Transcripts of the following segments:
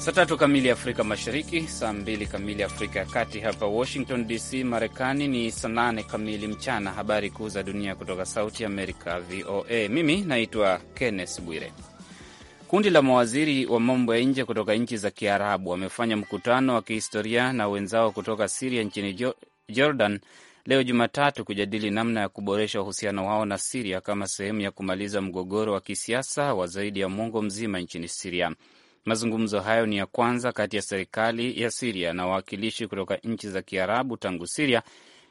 Saa tatu kamili Afrika Mashariki, saa mbili kamili Afrika ya Kati. Hapa Washington DC, Marekani ni saa nane kamili mchana. Habari kuu za dunia kutoka Sauti Amerika, VOA. Mimi naitwa Kenneth Bwire. Kundi la mawaziri wa mambo ya nje kutoka nchi za Kiarabu wamefanya mkutano wa kihistoria na wenzao kutoka Siria nchini Jordan leo Jumatatu kujadili namna ya kuboresha uhusiano wao na Siria kama sehemu ya kumaliza mgogoro wa kisiasa wa zaidi ya mwongo mzima nchini Siria. Mazungumzo hayo ni ya kwanza kati ya serikali ya Siria na wawakilishi kutoka nchi za Kiarabu tangu Siria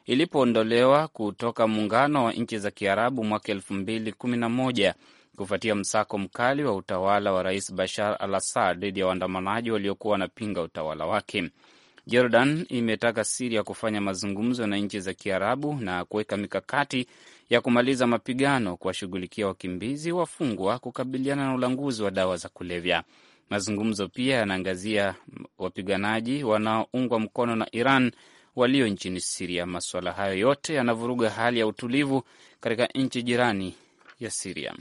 ilipoondolewa kutoka muungano wa nchi za Kiarabu mwaka elfu mbili kumi na moja kufuatia msako mkali wa utawala wa Rais Bashar al Assad dhidi ya waandamanaji waliokuwa wanapinga utawala wake. Jordan imetaka Siria kufanya mazungumzo na nchi za Kiarabu na kuweka mikakati ya kumaliza mapigano, kuwashughulikia wakimbizi, wafungwa, kukabiliana na ulanguzi wa dawa za kulevya. Mazungumzo pia yanaangazia wapiganaji wanaoungwa mkono na Iran walio nchini Siria. Masuala hayo yote yanavuruga hali ya utulivu katika nchi jirani ya Siria.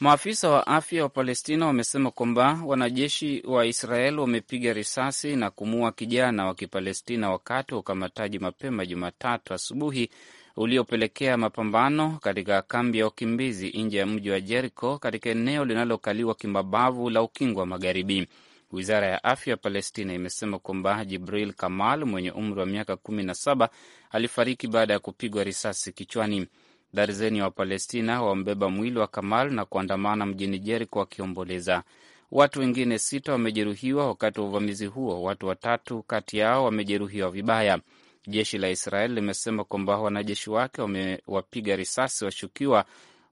Maafisa wa afya wa Palestina wamesema kwamba wanajeshi wa Israel wamepiga risasi na kumua kijana wa Kipalestina wakati wa ukamataji mapema Jumatatu asubuhi uliopelekea mapambano katika kambi ya wakimbizi nje ya mji wa Jeriko katika eneo linalokaliwa kimabavu la ukingo wa Magharibi. Wizara ya afya ya Palestina imesema kwamba Jibril Kamal mwenye umri wa miaka kumi na saba alifariki baada ya kupigwa risasi kichwani. Darzeni ya Wapalestina wambeba mwili wa Kamal na kuandamana mjini Jeriko wakiomboleza. Watu wengine sita wamejeruhiwa wakati wa uvamizi huo. Watu watatu kati yao wamejeruhiwa vibaya. Jeshi la Israel limesema kwamba wanajeshi wake wamewapiga risasi washukiwa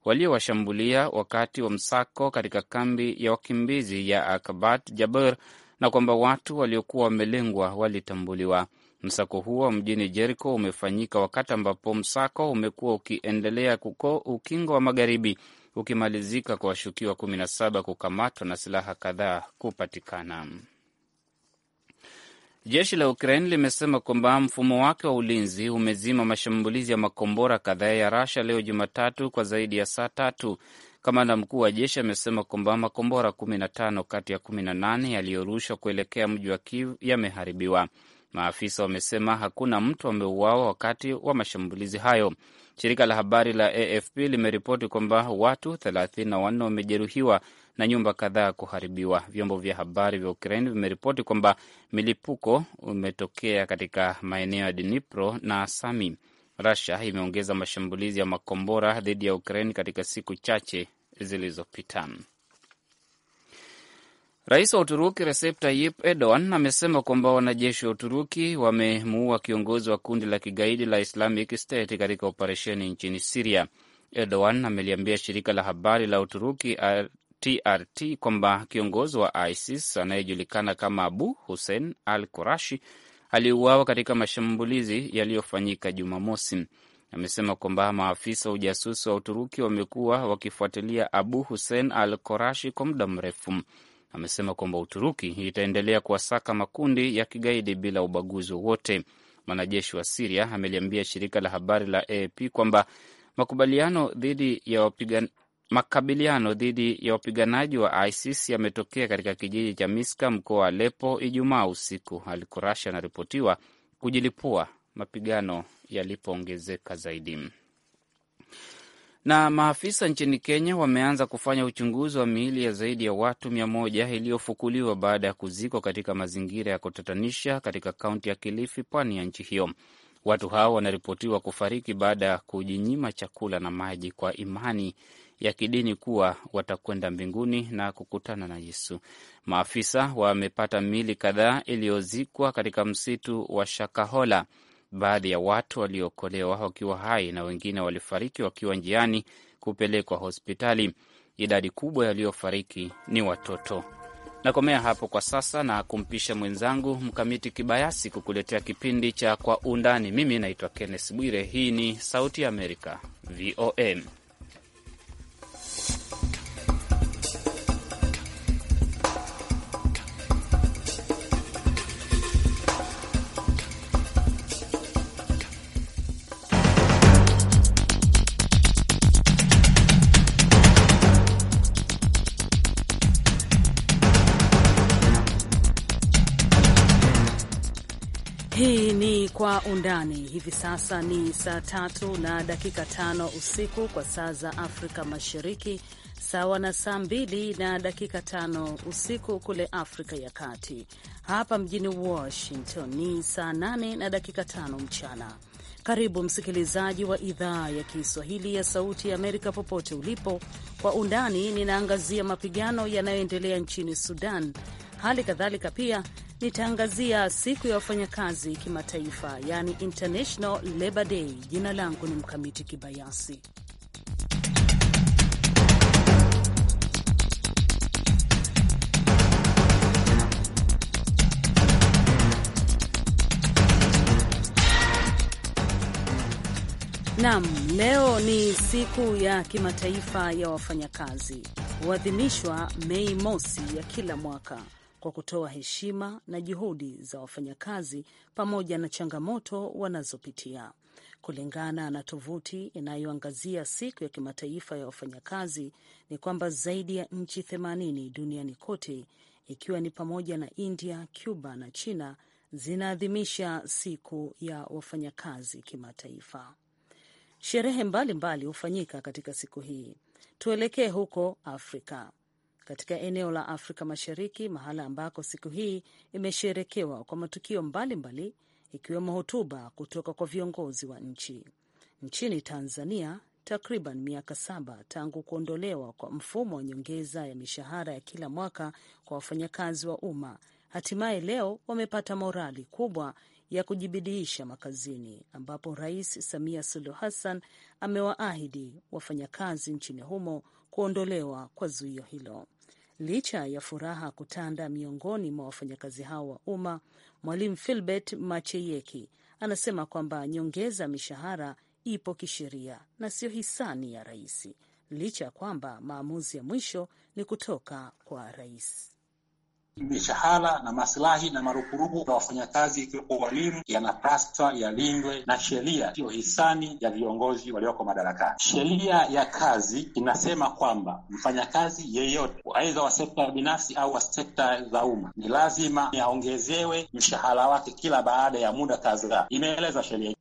waliowashambulia wakati wa msako katika kambi ya wakimbizi ya Akabat Jaber na kwamba watu waliokuwa wamelengwa walitambuliwa. Msako huo mjini Jeriko umefanyika wakati ambapo msako umekuwa ukiendelea kuko ukingo wa magharibi ukimalizika kwa washukiwa 17 kukamatwa na silaha kadhaa kupatikana. Jeshi la Ukraine limesema kwamba mfumo wake wa ulinzi umezima mashambulizi ya makombora kadhaa ya Rasha leo Jumatatu kwa zaidi ya saa tatu. Kamanda mkuu wa jeshi amesema kwamba makombora 15 kati ya 18 yaliyorushwa kuelekea mji wa Kiev yameharibiwa. Maafisa wamesema hakuna mtu ameuawa wakati wa mashambulizi hayo. Shirika la habari la AFP limeripoti kwamba watu 34 wamejeruhiwa na nyumba kadhaa kuharibiwa. Vyombo vya habari vya Ukraine vimeripoti kwamba milipuko umetokea katika maeneo ya Dnipro na Sami. Rusia imeongeza mashambulizi ya makombora dhidi ya Ukraine katika siku chache zilizopita. Rais wa Uturuki Recep Tayyip Erdogan amesema kwamba wanajeshi wa Uturuki wamemuua kiongozi wa kundi la kigaidi la Islamic State katika operesheni nchini Siria. Erdogan ameliambia shirika la habari la Uturuki TRT kwamba kiongozi wa ISIS anayejulikana kama Abu Hussein al Qurashi aliuawa katika mashambulizi yaliyofanyika Jumamosi. Amesema kwamba maafisa wa ujasusi wa Uturuki wamekuwa wakifuatilia Abu Hussein al Qurashi kwa muda mrefu amesema kwamba Uturuki itaendelea kuwasaka makundi ya kigaidi bila ubaguzi wowote. Mwanajeshi wa Siria ameliambia shirika la habari la ap kwamba makubaliano dhidi ya wapigan... makabiliano dhidi ya wapiganaji wa ISIS yametokea katika kijiji cha Miska, mkoa wa Alepo, Ijumaa usiku alikorashi anaripotiwa kujilipua mapigano yalipoongezeka zaidi. Na maafisa nchini Kenya wameanza kufanya uchunguzi wa miili ya zaidi ya watu mia moja iliyofukuliwa baada ya kuzikwa katika mazingira ya kutatanisha katika kaunti ya Kilifi, pwani ya nchi hiyo. Watu hao wanaripotiwa kufariki baada ya kujinyima chakula na maji kwa imani ya kidini kuwa watakwenda mbinguni na kukutana na Yesu. Maafisa wamepata miili kadhaa iliyozikwa katika msitu wa Shakahola baadhi ya watu waliokolewa wakiwa hai na wengine walifariki wakiwa njiani kupelekwa hospitali. Idadi kubwa yaliyofariki ni watoto. Nakomea hapo kwa sasa na kumpisha mwenzangu Mkamiti Kibayasi kukuletea kipindi cha Kwa Undani. Mimi naitwa Kenneth Bwire. Hii ni Sauti ya Amerika, VOM. undani hivi sasa ni saa tatu na dakika tano usiku kwa saa za Afrika Mashariki, sawa na saa mbili na dakika tano usiku kule Afrika ya Kati. Hapa mjini Washington ni saa nane na dakika tano mchana. Karibu msikilizaji wa idhaa ya Kiswahili ya Sauti ya Amerika popote ulipo. Kwa undani ninaangazia mapigano yanayoendelea nchini Sudan, hali kadhalika pia nitaangazia siku ya wafanyakazi kimataifa, yani International Labor Day. Jina langu ni Mkamiti Kibayasi. Nam, leo ni siku ya kimataifa ya wafanyakazi, huadhimishwa Mei mosi ya kila mwaka kwa kutoa heshima na juhudi za wafanyakazi pamoja na changamoto wanazopitia. Kulingana na tovuti inayoangazia siku ya kimataifa ya wafanyakazi, ni kwamba zaidi ya nchi 80 duniani kote, ikiwa ni pamoja na India, Cuba na China zinaadhimisha siku ya wafanyakazi kimataifa. Sherehe mbalimbali hufanyika katika siku hii. Tuelekee huko Afrika katika eneo la Afrika Mashariki, mahala ambako siku hii imesherekewa kwa matukio mbalimbali ikiwemo hotuba kutoka kwa viongozi wa nchi. Nchini Tanzania, takriban miaka saba tangu kuondolewa kwa mfumo wa nyongeza ya mishahara ya kila mwaka kwa wafanyakazi wa umma, hatimaye leo wamepata morali kubwa ya kujibidiisha makazini, ambapo Rais Samia Suluhu Hassan amewaahidi wafanyakazi nchini humo kuondolewa kwa zuio hilo. Licha ya furaha kutanda miongoni mwa wafanyakazi hao wa umma, Mwalimu Filbert Macheyeki anasema kwamba nyongeza mishahara ipo kisheria na siyo hisani ya rais, licha ya kwamba maamuzi ya mwisho ni kutoka kwa rais mishahara na maslahi na marupurupu ya wafanyakazi ikiwepo walimu yanapaswa yalindwe na sheria, siyo hisani ya viongozi walioko madarakani. Sheria ya kazi inasema kwamba mfanyakazi yeyote, aidha wa sekta binafsi au wa sekta za umma, ni lazima aongezewe mshahara wake kila baada ya muda kadhaa, imeeleza sheria.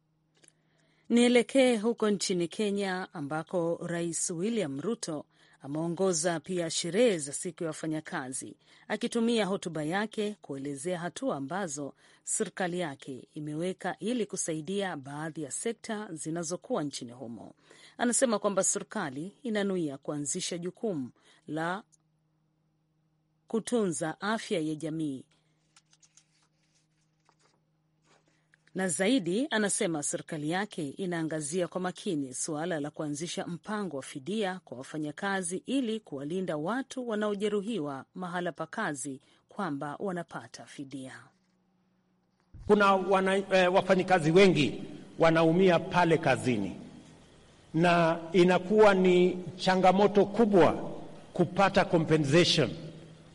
Nielekee huko nchini Kenya ambako Rais William Ruto ameongoza pia sherehe za siku ya wafanyakazi akitumia hotuba yake kuelezea hatua ambazo serikali yake imeweka ili kusaidia baadhi ya sekta zinazokuwa nchini humo. Anasema kwamba serikali inanuia kuanzisha jukumu la kutunza afya ya jamii na zaidi, anasema serikali yake inaangazia kwa makini suala la kuanzisha mpango wa fidia kwa wafanyakazi ili kuwalinda watu wanaojeruhiwa mahala pa kazi kwamba wanapata fidia. Kuna wana, e, wafanyikazi wengi wanaumia pale kazini na inakuwa ni changamoto kubwa kupata compensation.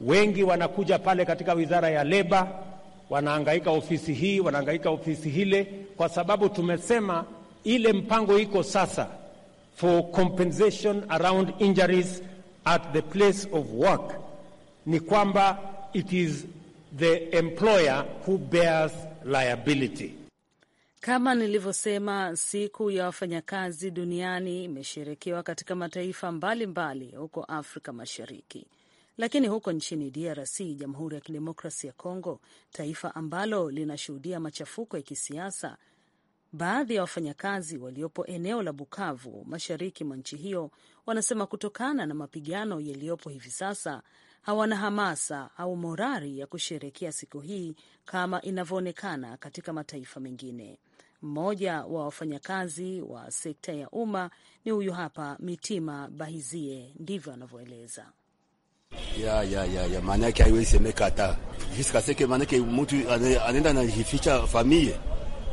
Wengi wanakuja pale katika wizara ya leba wanaangaika ofisi hii, wanaangaika ofisi hile, kwa sababu tumesema ile mpango iko sasa for compensation around injuries at the place of work ni kwamba it is the employer who bears liability. Kama nilivyosema, siku ya wafanyakazi duniani imesherekewa katika mataifa mbalimbali huko mbali, Afrika Mashariki. Lakini huko nchini DRC, Jamhuri ya Kidemokrasi ya Kongo, taifa ambalo linashuhudia machafuko ya kisiasa, baadhi ya wafanyakazi waliopo eneo la Bukavu, mashariki mwa nchi hiyo, wanasema kutokana na mapigano yaliyopo hivi sasa hawana hamasa au morari ya kusherekea siku hii kama inavyoonekana katika mataifa mengine. Mmoja wa wafanyakazi wa sekta ya umma ni huyu hapa, Mitima Bahizie, ndivyo anavyoeleza ya ya ya ya, maana yake haiwezi semeka hata jiska seke, maana yake mtu anaenda anajificha familia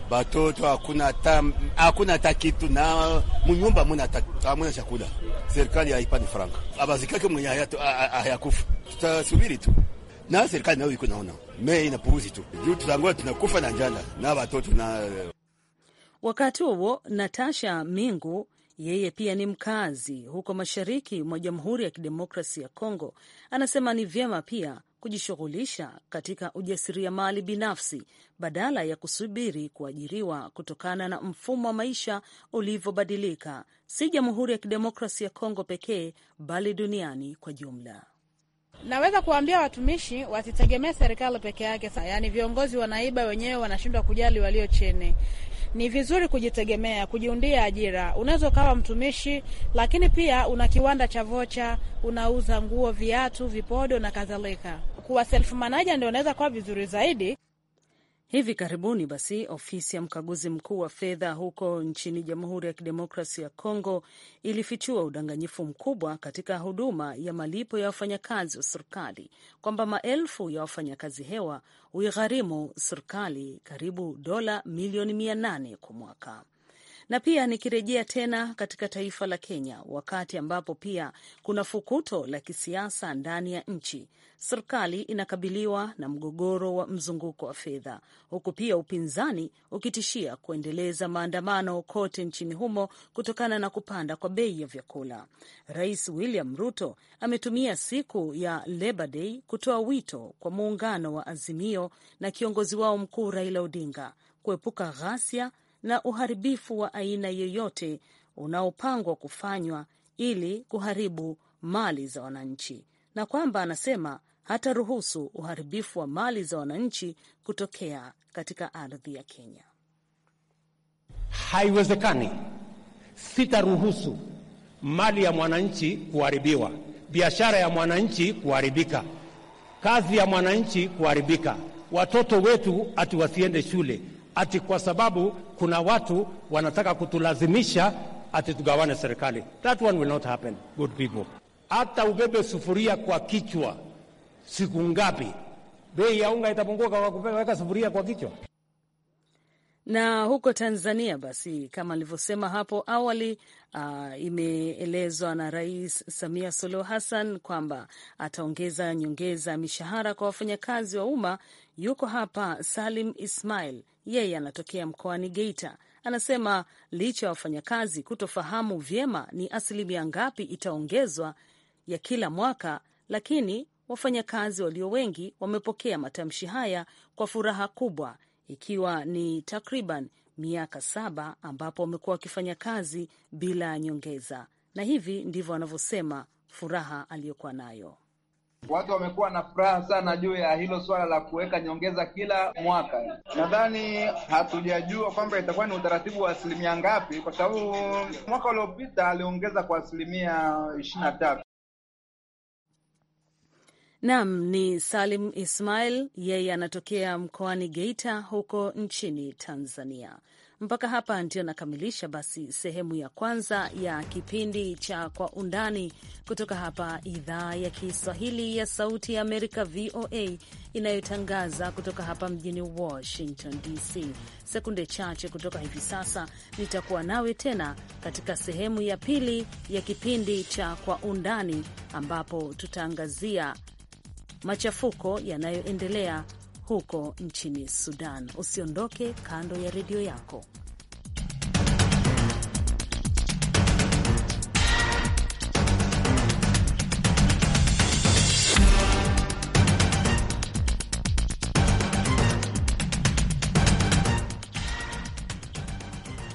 batoto hakuna ta hakuna ta kitu na munyumba muna ta hamuna chakula. Serikali haipani franc abazikake mwenye hayato hayakufa, tutasubiri tu na serikali nayo iko naona me inapuuzi tu juu tutangoja tunakufa na njala na batoto na. Wakati huo Natasha Mingu yeye pia ni mkazi huko mashariki mwa Jamhuri ya Kidemokrasi ya Kongo, anasema ni vyema pia kujishughulisha katika ujasiriamali binafsi badala ya kusubiri kuajiriwa kutokana na mfumo wa maisha ulivyobadilika, si Jamhuri ya Kidemokrasi ya Kongo pekee bali duniani kwa jumla. Naweza kuwaambia watumishi wasitegemee serikali peke yake, yaani viongozi wanaiba wenyewe, wanashindwa kujali walio chini. Ni vizuri kujitegemea, kujiundia ajira. Unaweza ukawa mtumishi, lakini pia una kiwanda cha vocha, unauza nguo, viatu, vipodo na kadhalika. Kuwa self manager ndio unaweza kuwa vizuri zaidi. Hivi karibuni basi, ofisi ya mkaguzi mkuu wa fedha huko nchini Jamhuri ya Kidemokrasi ya Kongo ilifichua udanganyifu mkubwa katika huduma ya malipo ya wafanyakazi wa serikali, kwamba maelfu ya wafanyakazi hewa huigharimu serikali karibu dola milioni mia nane kwa mwaka na pia nikirejea tena katika taifa la Kenya, wakati ambapo pia kuna fukuto la kisiasa ndani ya nchi. Serikali inakabiliwa na mgogoro wa mzunguko wa fedha, huku pia upinzani ukitishia kuendeleza maandamano kote nchini humo kutokana na kupanda kwa bei ya vyakula. Rais William Ruto ametumia siku ya Labor Day kutoa wito kwa muungano wa Azimio na kiongozi wao mkuu Raila Odinga kuepuka ghasia na uharibifu wa aina yoyote unaopangwa kufanywa ili kuharibu mali za wananchi, na kwamba anasema hataruhusu uharibifu wa mali za wananchi kutokea katika ardhi ya Kenya. Haiwezekani, sitaruhusu mali ya mwananchi kuharibiwa, biashara ya mwananchi kuharibika, kazi ya mwananchi kuharibika, watoto wetu ati wasiende shule ati kwa sababu kuna watu wanataka kutulazimisha ati tugawane serikali. That one will not happen, good people. Hata ubebe sufuria kwa kichwa siku ngapi, bei ya unga itapunguka kwa kuweka sufuria kwa kichwa? Na huko Tanzania basi, kama alivyosema hapo awali, uh, imeelezwa na Rais Samia Suluhu Hassan kwamba ataongeza nyongeza ya mishahara kwa wafanyakazi wa umma. Yuko hapa Salim Ismail, yeye anatokea mkoani Geita. Anasema licha ya wafanyakazi kutofahamu vyema ni asilimia ngapi itaongezwa ya kila mwaka, lakini wafanyakazi walio wengi wamepokea matamshi haya kwa furaha kubwa ikiwa ni takriban miaka saba ambapo wamekuwa wakifanya kazi bila nyongeza, na hivi ndivyo wanavyosema furaha aliyokuwa nayo. Watu wamekuwa na furaha sana juu ya hilo suala la kuweka nyongeza kila mwaka. Nadhani hatujajua kwamba itakuwa ni utaratibu wa asilimia ngapi, kwa sababu mwaka uliopita aliongeza kwa asilimia ishirini na tatu. Nam ni Salim Ismail, yeye anatokea mkoani Geita huko nchini Tanzania. Mpaka hapa ndio nakamilisha basi sehemu ya kwanza ya kipindi cha Kwa Undani kutoka hapa idhaa ya Kiswahili ya Sauti ya Amerika, VOA, inayotangaza kutoka hapa mjini Washington DC. Sekunde chache kutoka hivi sasa nitakuwa nawe tena katika sehemu ya pili ya kipindi cha Kwa Undani, ambapo tutaangazia machafuko yanayoendelea huko nchini Sudan. Usiondoke kando ya redio yako.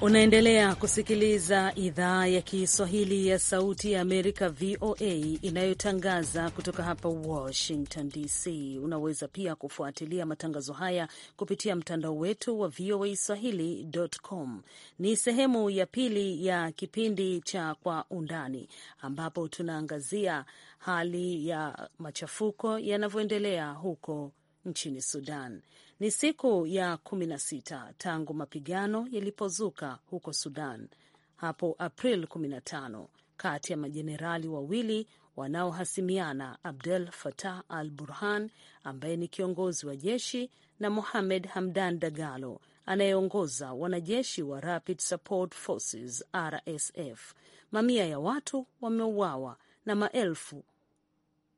Unaendelea kusikiliza idhaa ya Kiswahili ya Sauti ya Amerika, VOA, inayotangaza kutoka hapa Washington DC. Unaweza pia kufuatilia matangazo haya kupitia mtandao wetu wa VOA Swahili.com. Ni sehemu ya pili ya kipindi cha Kwa Undani, ambapo tunaangazia hali ya machafuko yanavyoendelea huko nchini Sudan. Ni siku ya kumi na sita tangu mapigano yalipozuka huko Sudan hapo April 15 kati ya majenerali wawili wanaohasimiana Abdel Fattah al Burhan ambaye ni kiongozi wa jeshi na Mohamed Hamdan Dagalo anayeongoza wanajeshi wa Rapid Support Forces RSF. Mamia ya watu wameuawa na maelfu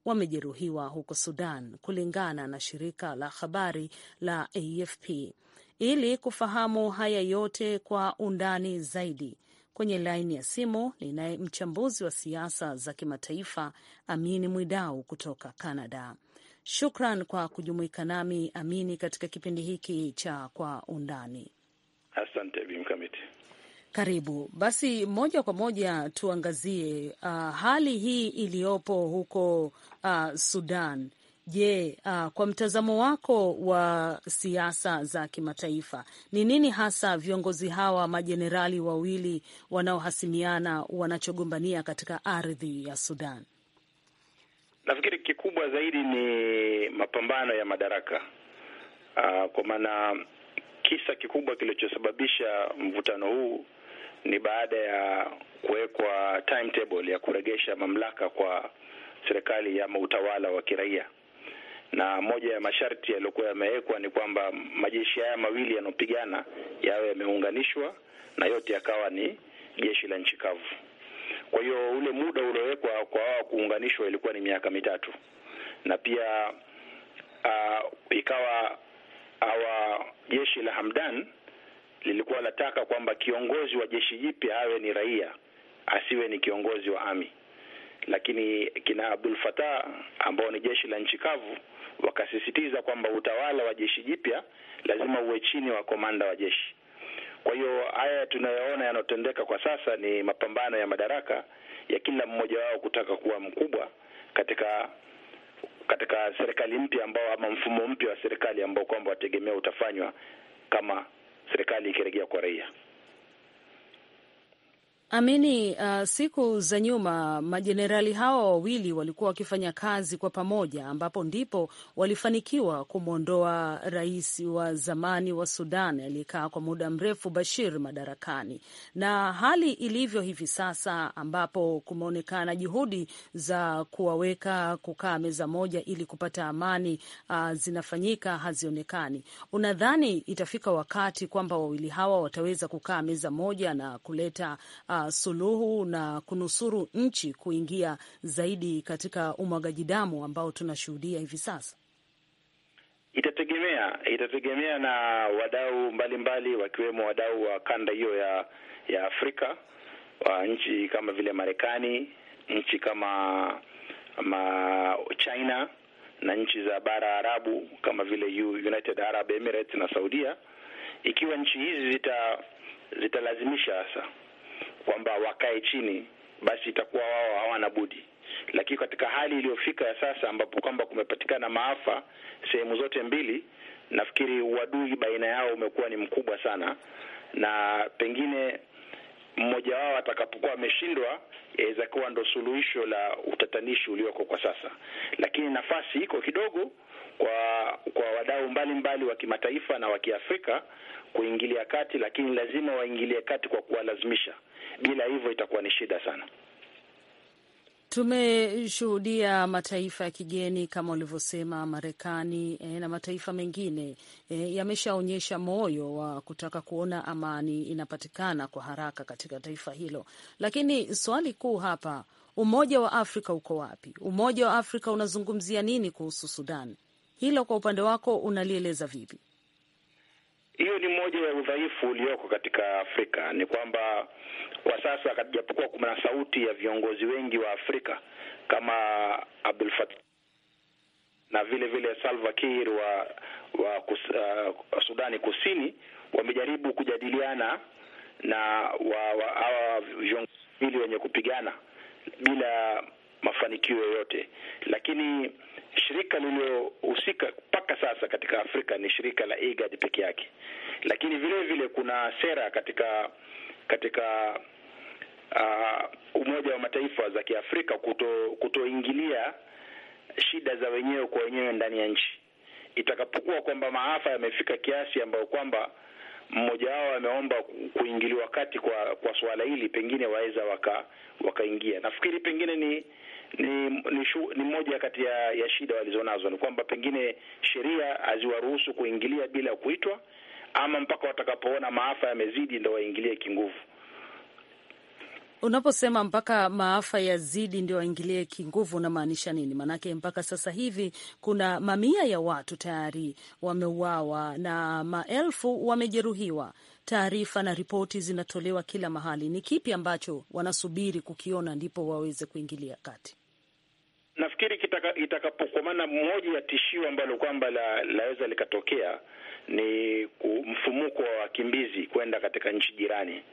wamejeruhiwa huko Sudan, kulingana na shirika la habari la AFP. Ili kufahamu haya yote kwa undani zaidi, kwenye laini ya simu ninaye mchambuzi wa siasa za kimataifa Amini Mwidau kutoka Canada. Shukran kwa kujumuika nami Amini katika kipindi hiki cha Kwa Undani. Asante. Karibu basi, moja kwa moja tuangazie uh, hali hii iliyopo huko uh, Sudan. Je, uh, kwa mtazamo wako wa siasa za kimataifa, ni nini hasa viongozi hawa majenerali wawili wanaohasimiana wanachogombania katika ardhi ya Sudan? Nafikiri kikubwa zaidi ni mapambano ya madaraka, uh, kwa maana kisa kikubwa kilichosababisha mvutano huu ni baada ya kuwekwa timetable ya kuregesha mamlaka kwa serikali ama utawala wa kiraia, na moja ya masharti yaliyokuwa yamewekwa ni kwamba majeshi haya mawili yanopigana yawe yameunganishwa na yote yakawa ni jeshi la nchi kavu. Kwa hiyo ule muda uliowekwa kwa wao kuunganishwa ilikuwa ni miaka mitatu, na pia uh, ikawa hawa jeshi la Hamdan lilikuwa lataka kwamba kiongozi wa jeshi jipya awe ni raia, asiwe ni kiongozi wa ami. Lakini kina Abdul Fatah ambao ni jeshi la nchi kavu wakasisitiza kwamba utawala wa jeshi jipya lazima uwe chini wa komanda wa jeshi. Kwa hiyo haya tunayoona yanayotendeka kwa sasa ni mapambano ya madaraka ya kila mmoja wao kutaka kuwa mkubwa katika katika serikali mpya ambao ama mfumo mpya wa serikali ambao kwamba wategemea utafanywa kama serikali ikirejea kwa raia. Amini, uh, siku za nyuma majenerali hawa wawili walikuwa wakifanya kazi kwa pamoja, ambapo ndipo walifanikiwa kumwondoa rais wa zamani wa Sudan aliyekaa kwa muda mrefu Bashir madarakani, na hali ilivyo hivi sasa, ambapo kumeonekana juhudi za kuwaweka kukaa meza moja ili kupata amani uh, zinafanyika hazionekani. Unadhani itafika wakati kwamba wawili hawa wataweza kukaa meza moja na kuleta uh, suluhu na kunusuru nchi kuingia zaidi katika umwagaji damu ambao tunashuhudia hivi sasa? Itategemea, itategemea na wadau mbalimbali wakiwemo wadau wa kanda hiyo ya ya Afrika wa nchi kama vile Marekani, nchi kama ma China na nchi za bara Arabu kama vile United Arab Emirates na Saudia, ikiwa nchi hizi zita zitalazimisha sasa kwamba wakae chini, basi itakuwa wao hawana budi. Lakini katika hali iliyofika ya sasa, ambapo kwamba kumepatikana maafa sehemu zote mbili, nafikiri uadui baina yao umekuwa ni mkubwa sana, na pengine mmoja wao atakapokuwa ameshindwa, yaweza kuwa ndo suluhisho la utatanishi ulioko kwa sasa, lakini nafasi iko kidogo kwa kwa wadau mbalimbali wa kimataifa na wa Kiafrika kuingilia kati, lakini lazima waingilie kati kwa kuwalazimisha. Bila hivyo itakuwa ni shida sana. Tumeshuhudia mataifa ya kigeni kama ulivyosema Marekani e, na mataifa mengine e, yameshaonyesha moyo wa kutaka kuona amani inapatikana kwa haraka katika taifa hilo, lakini swali kuu hapa, umoja wa Afrika uko wapi? Umoja wa Afrika unazungumzia nini kuhusu Sudan? Hilo kwa upande wako unalieleza vipi? Hiyo ni moja ya udhaifu ulioko katika Afrika, ni kwamba kwa sasa, japokuwa kuna sauti ya viongozi wengi wa Afrika kama Abdul Fattah na vile vile Salva Kiir wa, wa kus, uh, Sudani Kusini wamejaribu kujadiliana na hawa wa, viongozi wenye kupigana bila mafanikio yoyote, lakini shirika lililohusika mpaka sasa katika Afrika ni shirika la IGAD peke yake, lakini vile vile kuna sera katika katika uh, Umoja wa Mataifa za Kiafrika kuto kutoingilia shida za wenyewe kwa wenyewe ndani ya nchi. Itakapokuwa kwamba maafa yamefika kiasi ambayo kwamba mmoja wao ameomba kuingiliwa kati kwa kwa suala hili, pengine waweza waka wakaingia. Nafikiri pengine ni ni ni, shu, ni moja kati ya, ya shida walizonazo ni kwamba pengine sheria haziwaruhusu kuingilia bila kuitwa, ama mpaka watakapoona maafa yamezidi ndo waingilie kinguvu. Unaposema mpaka maafa yazidi ndio waingilie kinguvu, unamaanisha nini? Maanake mpaka sasa hivi kuna mamia ya watu tayari wameuawa na maelfu wamejeruhiwa. Taarifa na ripoti zinatolewa kila mahali. Ni kipi ambacho wanasubiri kukiona ndipo waweze kuingilia kati? nafikiri itakapokomana itaka maana moja ya tishio ambalo kwamba la, laweza likatokea ni mfumuko wa wakimbizi kwenda katika nchi jirani.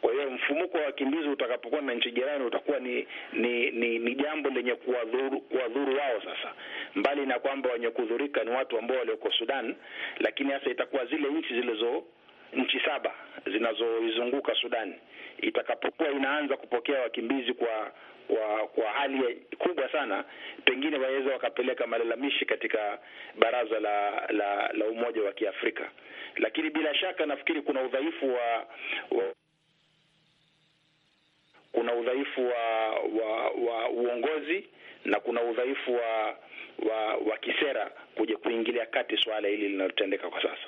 Kwa hiyo mfumuko wa wakimbizi utakapokuwa na nchi jirani utakuwa ni ni, ni, ni jambo lenye kuwadhuru, kuwadhuru wao. Sasa mbali na kwamba wenye kudhurika ni watu ambao walioko Sudan, lakini hasa itakuwa zile nchi zilizo nchi saba zinazoizunguka Sudan itakapokuwa inaanza kupokea wakimbizi kwa wa kwa hali kubwa sana, pengine waweza wakapeleka malalamishi katika baraza la, la, la umoja wa Kiafrika, lakini bila shaka nafikiri kuna udhaifu wa, wa kuna udhaifu wa, wa, wa uongozi na kuna udhaifu wa, wa, wa kisera kuja kuingilia kati swala hili linalotendeka kwa sasa.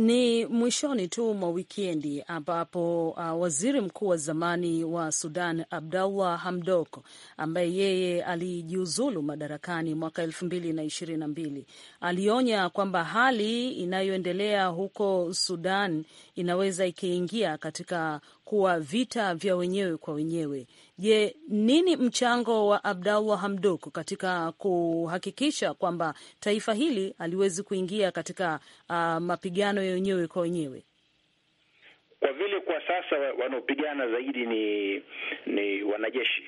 Ni mwishoni tu mwa wikendi ambapo uh, waziri mkuu wa zamani wa Sudan Abdallah Hamdok ambaye yeye alijiuzulu madarakani mwaka elfu mbili na ishirini na mbili alionya kwamba hali inayoendelea huko Sudan inaweza ikiingia katika kuwa vita vya wenyewe kwa wenyewe, Je, nini mchango wa Abdallah Hamdok katika kuhakikisha kwamba taifa hili haliwezi kuingia katika uh, mapigano ya wenyewe kwa wenyewe? Kwa vile kwa sasa wanaopigana zaidi ni ni wanajeshi,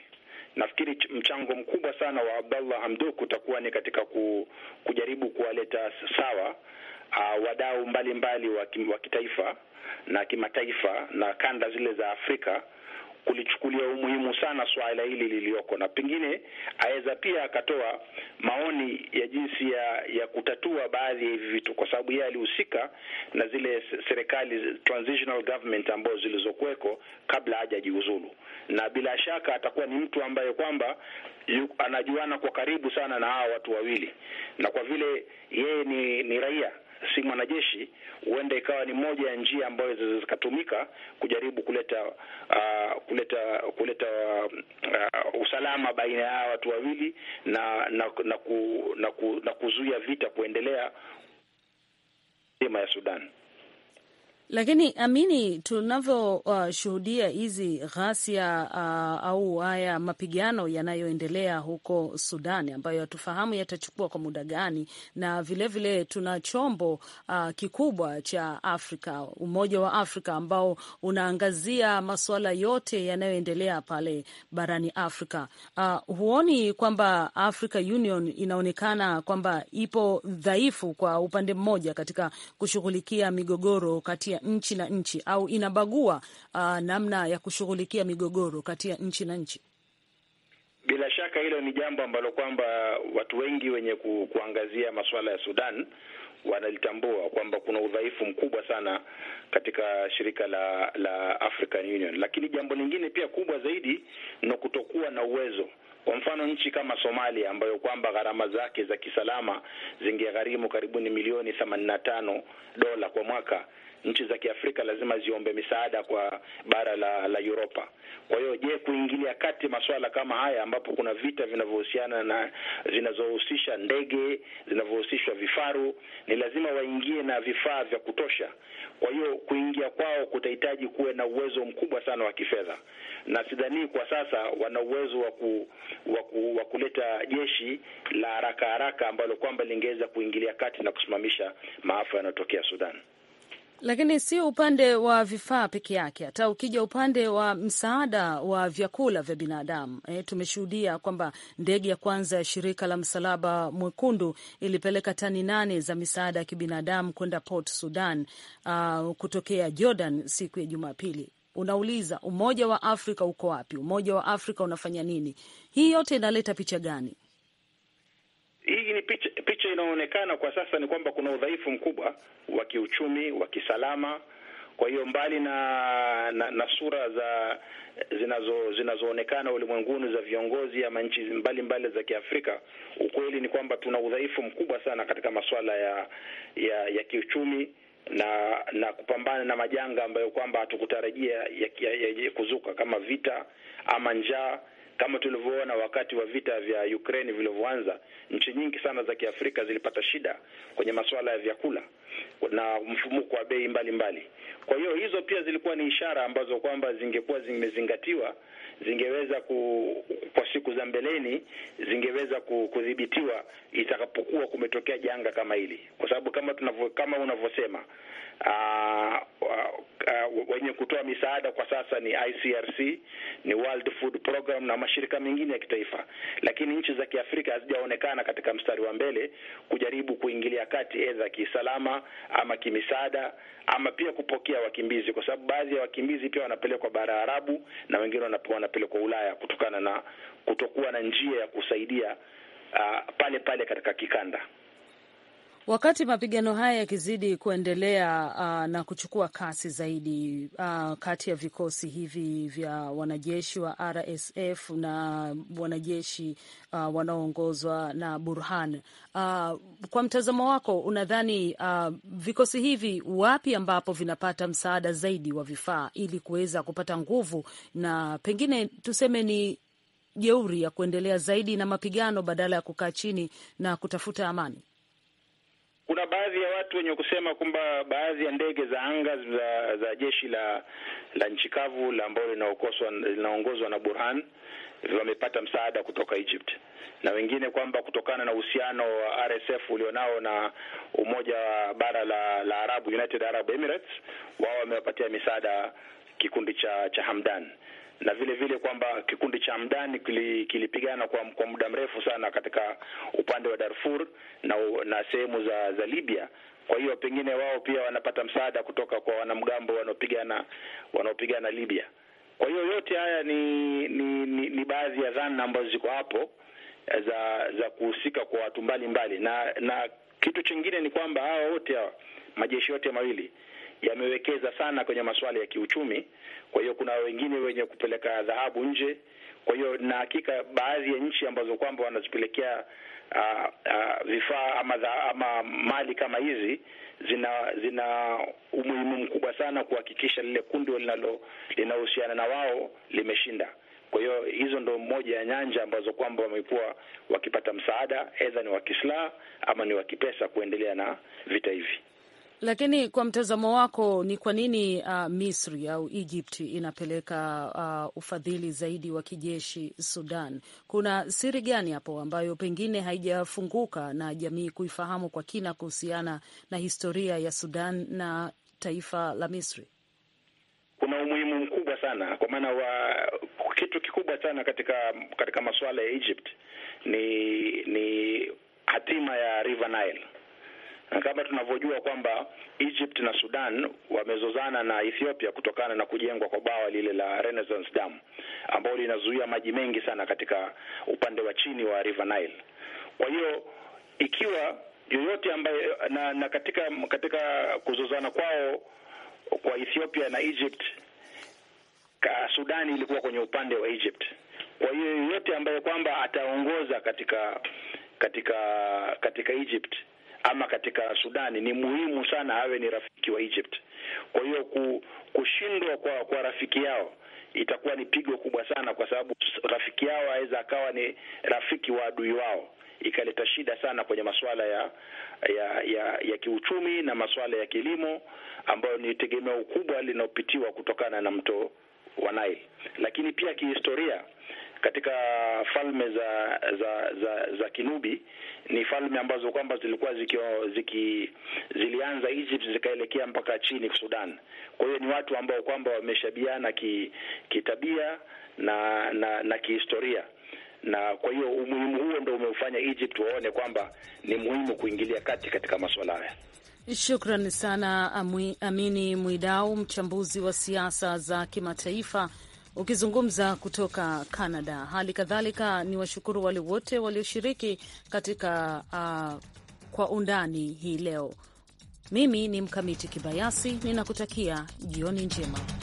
nafikiri mchango mkubwa sana wa Abdallah Hamdok utakuwa ni katika ku, kujaribu kuwaleta sawa uh, wadau mbalimbali wa kitaifa na kimataifa na kanda zile za Afrika kulichukulia umuhimu sana swala hili liliyoko, na pengine aweza pia akatoa maoni ya jinsi ya ya kutatua baadhi ya hivi vitu, kwa sababu yeye alihusika na zile serikali transitional government ambazo zilizokuweko kabla hajajiuzulu, na bila shaka atakuwa ni mtu ambaye kwamba anajuana kwa karibu sana na hawa watu wawili, na kwa vile yeye ni, ni raia si mwanajeshi, huenda ikawa ni moja ya njia ambayo zinaweza zikatumika kujaribu kuleta uh, kuleta kuleta uh, usalama baina ya watu wawili na na, na, ku, na, ku, na kuzuia vita kuendelea sema ya Sudan. Lakini Amini, tunavyoshuhudia uh, hizi ghasia uh, au haya mapigano yanayoendelea huko Sudani ambayo hatufahamu yatachukua kwa muda gani, na vilevile vile tuna chombo uh, kikubwa cha Afrika, Umoja wa Afrika ambao unaangazia masuala yote yanayoendelea pale barani Afrika. Uh, huoni kwamba africa Union inaonekana kwamba ipo dhaifu kwa upande mmoja katika kushughulikia migogoro kati ya nchi na nchi au inabagua uh, namna ya kushughulikia migogoro kati ya nchi na nchi? Bila shaka hilo ni jambo ambalo kwamba watu wengi wenye ku, kuangazia masuala ya Sudan wanalitambua kwamba kuna udhaifu mkubwa sana katika shirika la la African Union, lakini jambo lingine pia kubwa zaidi ni kutokuwa na uwezo kwa mfano nchi kama Somalia ambayo kwamba gharama zake za kisalama zingegharimu karibuni milioni themanini na tano dola kwa mwaka, nchi za Kiafrika lazima ziombe misaada kwa bara la la Europa. Kwa hiyo, je, kuingilia kati masuala kama haya ambapo kuna vita vinavyohusiana na zinazohusisha ndege zinavyohusishwa vifaru, ni lazima waingie na vifaa vya kutosha. Kwa hiyo, kuingia kwao kutahitaji kuwe na uwezo mkubwa sana wa kifedha, na sidhani kwa sasa wana uwezo wa ku wa kuleta jeshi la haraka haraka ambalo kwamba lingeweza kuingilia kati na kusimamisha maafa yanayotokea Sudan. Lakini sio upande wa vifaa peke yake, hata ukija upande wa msaada wa vyakula vya binadamu e, tumeshuhudia kwamba ndege ya kwanza ya shirika la Msalaba Mwekundu ilipeleka tani nane za misaada ya kibinadamu kwenda Port Sudan uh, kutokea Jordan siku ya Jumapili unauliza Umoja wa Afrika uko wapi? Umoja wa Afrika unafanya nini? Hii yote inaleta picha gani? Hii ni picha, picha inayoonekana kwa sasa ni kwamba kuna udhaifu mkubwa wa kiuchumi, wa kisalama. Kwa hiyo mbali na, na, na sura za zinazo zinazoonekana ulimwenguni za viongozi ama nchi mbalimbali za Kiafrika, ukweli ni kwamba tuna udhaifu mkubwa sana katika masuala ya ya, ya kiuchumi na na kupambana na majanga ambayo kwamba hatukutarajia ya, ya, ya, ya kuzuka kama vita ama njaa kama tulivyoona wakati wa vita vya Ukraine vilivyoanza, nchi nyingi sana za Kiafrika zilipata shida kwenye masuala ya vyakula na mfumuko wa bei mbalimbali. Kwa hiyo hizo pia zilikuwa ni ishara ambazo kwamba zingekuwa zimezingatiwa, zingeweza ku, kwa siku za mbeleni zingeweza kudhibitiwa itakapokuwa kumetokea janga kama hili, kwa sababu kama tunavyo, kama unavyosema uh, uh, wenye kutoa misaada kwa sasa ni ICRC, ni World Food Program na mashirika mengine ya kitaifa, lakini nchi za Kiafrika hazijaonekana katika mstari wa mbele kujaribu kuingilia kati edha kisalama ama kimisaada ama pia kupokea wakimbizi, kwa sababu baadhi ya wakimbizi pia wanapelekwa bara Arabu na wengine wanapelekwa Ulaya kutokana na kutokuwa na njia ya kusaidia uh, pale pale katika kikanda. Wakati mapigano haya yakizidi kuendelea uh, na kuchukua kasi zaidi uh, kati ya vikosi hivi vya wanajeshi wa RSF na wanajeshi uh, wanaoongozwa na Burhan, uh, kwa mtazamo wako unadhani uh, vikosi hivi wapi ambapo vinapata msaada zaidi wa vifaa ili kuweza kupata nguvu na pengine tuseme ni jeuri ya kuendelea zaidi na mapigano badala ya kukaa chini na kutafuta amani? kuna baadhi ya watu wenye kusema kwamba baadhi ya ndege za anga za, za jeshi la la nchi kavu la ambalo linaongozwa na Burhan wamepata msaada kutoka Egypt na wengine kwamba kutokana na uhusiano wa RSF ulionao na umoja wa bara la, la Arabu, United Arab Emirates, wao wamewapatia misaada kikundi cha cha Hamdan na vile vile kwamba kikundi cha mdani kilipigana kwa, kwa muda mrefu sana katika upande wa Darfur na, na sehemu za, za Libya. Kwa hiyo pengine wao pia wanapata msaada kutoka kwa wanamgambo wanaopigana wanaopigana Libya. Kwa hiyo yote haya ni ni, ni, ni baadhi ya dhana ambazo ziko hapo eh, za za kuhusika kwa watu mbalimbali na, na kitu chingine ni kwamba hawa wote hawa majeshi yote mawili yamewekeza sana kwenye masuala ya kiuchumi kwa hiyo kuna wengine wenye kupeleka dhahabu nje. Kwa hiyo na hakika baadhi ya nchi ambazo kwamba wanazipelekea uh, uh, vifaa ama, ama mali kama hizi zina zina umuhimu mkubwa sana kuhakikisha lile kundi linalo linahusiana na wao limeshinda. Kwa hiyo hizo ndo moja ya nyanja ambazo kwamba wamekuwa wakipata msaada, aidha ni wa kisilaha ama ni wa kipesa, kuendelea na vita hivi. Lakini kwa mtazamo wako ni kwa nini uh, Misri au Egypt inapeleka uh, ufadhili zaidi wa kijeshi Sudan? Kuna siri gani hapo ambayo pengine haijafunguka na jamii kuifahamu kwa kina kuhusiana na historia ya Sudan na taifa la Misri? Kuna umuhimu mkubwa sana kwa maana wa kitu kikubwa sana katika katika masuala ya Egypt ni ni hatima ya River Nile na kama tunavyojua kwamba Egypt na Sudan wamezozana na Ethiopia kutokana na kujengwa kwa bwawa lile la Renaissance Dam ambalo linazuia maji mengi sana katika upande wa chini wa River Nile. Kwa hiyo ikiwa yoyote ambaye na, na katika katika kuzozana kwao kwa Ethiopia na Egypt ka Sudani ilikuwa kwenye upande wa Egypt. Kwa hiyo yoyote ambaye kwamba ataongoza katika katika katika Egypt ama katika Sudani ni muhimu sana awe ni rafiki wa Egypt. Kwa hiyo kushindwa kwa, kwa rafiki yao itakuwa ni pigo kubwa sana, kwa sababu rafiki yao aweza akawa ni rafiki wa adui wao, ikaleta shida sana kwenye masuala ya ya ya, ya kiuchumi na masuala ya kilimo ambayo ni tegemeo kubwa linaopitiwa kutokana na mto wa Nile, lakini pia kihistoria katika falme za za za, za Kinubi ni falme ambazo kwamba zilikuwa zikio, ziki zilianza Egypt zikaelekea mpaka chini Sudan. Kwa hiyo ni watu ambao kwamba wameshabiana ki, kitabia na na, na kihistoria na kwa hiyo umuhimu huo ndio umeufanya Egypt waone kwamba ni muhimu kuingilia kati katika masuala haya. Shukrani sana Amini Mwidau, mchambuzi wa siasa za kimataifa ukizungumza kutoka Canada. Hali kadhalika ni washukuru wale wote walioshiriki katika uh, kwa undani hii leo. Mimi ni Mkamiti Kibayasi, ninakutakia jioni njema.